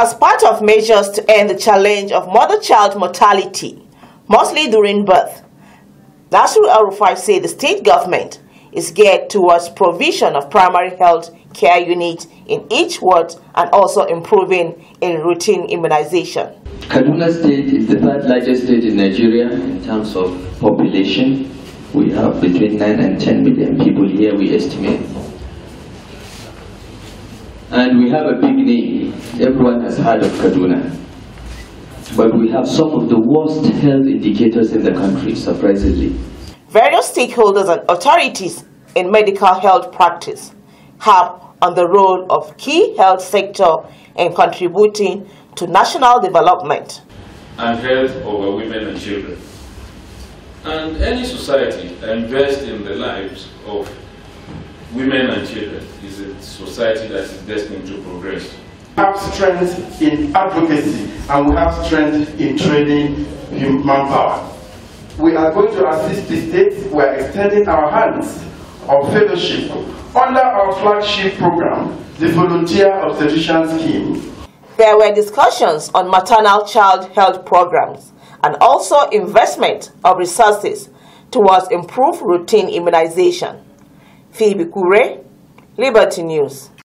as part of measures to end the challenge of mother-child mortality, mostly during birth. Nasru Arufai said the state government is geared towards provision of primary health care units in each ward and also improving in routine immunization. Kaduna State is the third largest state in Nigeria in terms of population. We have between 9 and 10 million people here, we estimate. And we have a big name. Everyone has heard of Kaduna. But we have some of the worst health indicators in the country, surprisingly. Various stakeholders and authorities in medical health practice have on the role of key health sector in contributing to national development. And health over women and children. And any society that invests in the lives of women is a society that is destined to progress. We have strength in advocacy and we have strength in training human power. We are going to assist the states. We are extending our hands of fellowship under our flagship program, the Volunteer Obstetrician Scheme. There were discussions on maternal child health programs and also investment of resources towards improved routine immunization. Phoebe Kure, Liberty News